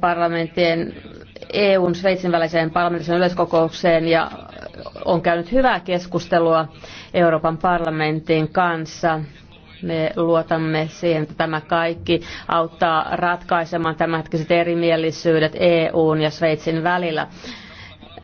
parlamenttien EUn Sveitsin väliseen parlamentin yleiskokoukseen ja on käynyt hyvää keskustelua Euroopan parlamentin kanssa. Me luotamme siihen, että tämä kaikki auttaa ratkaisemaan tämänhetkiset erimielisyydet EUn ja Sveitsin välillä.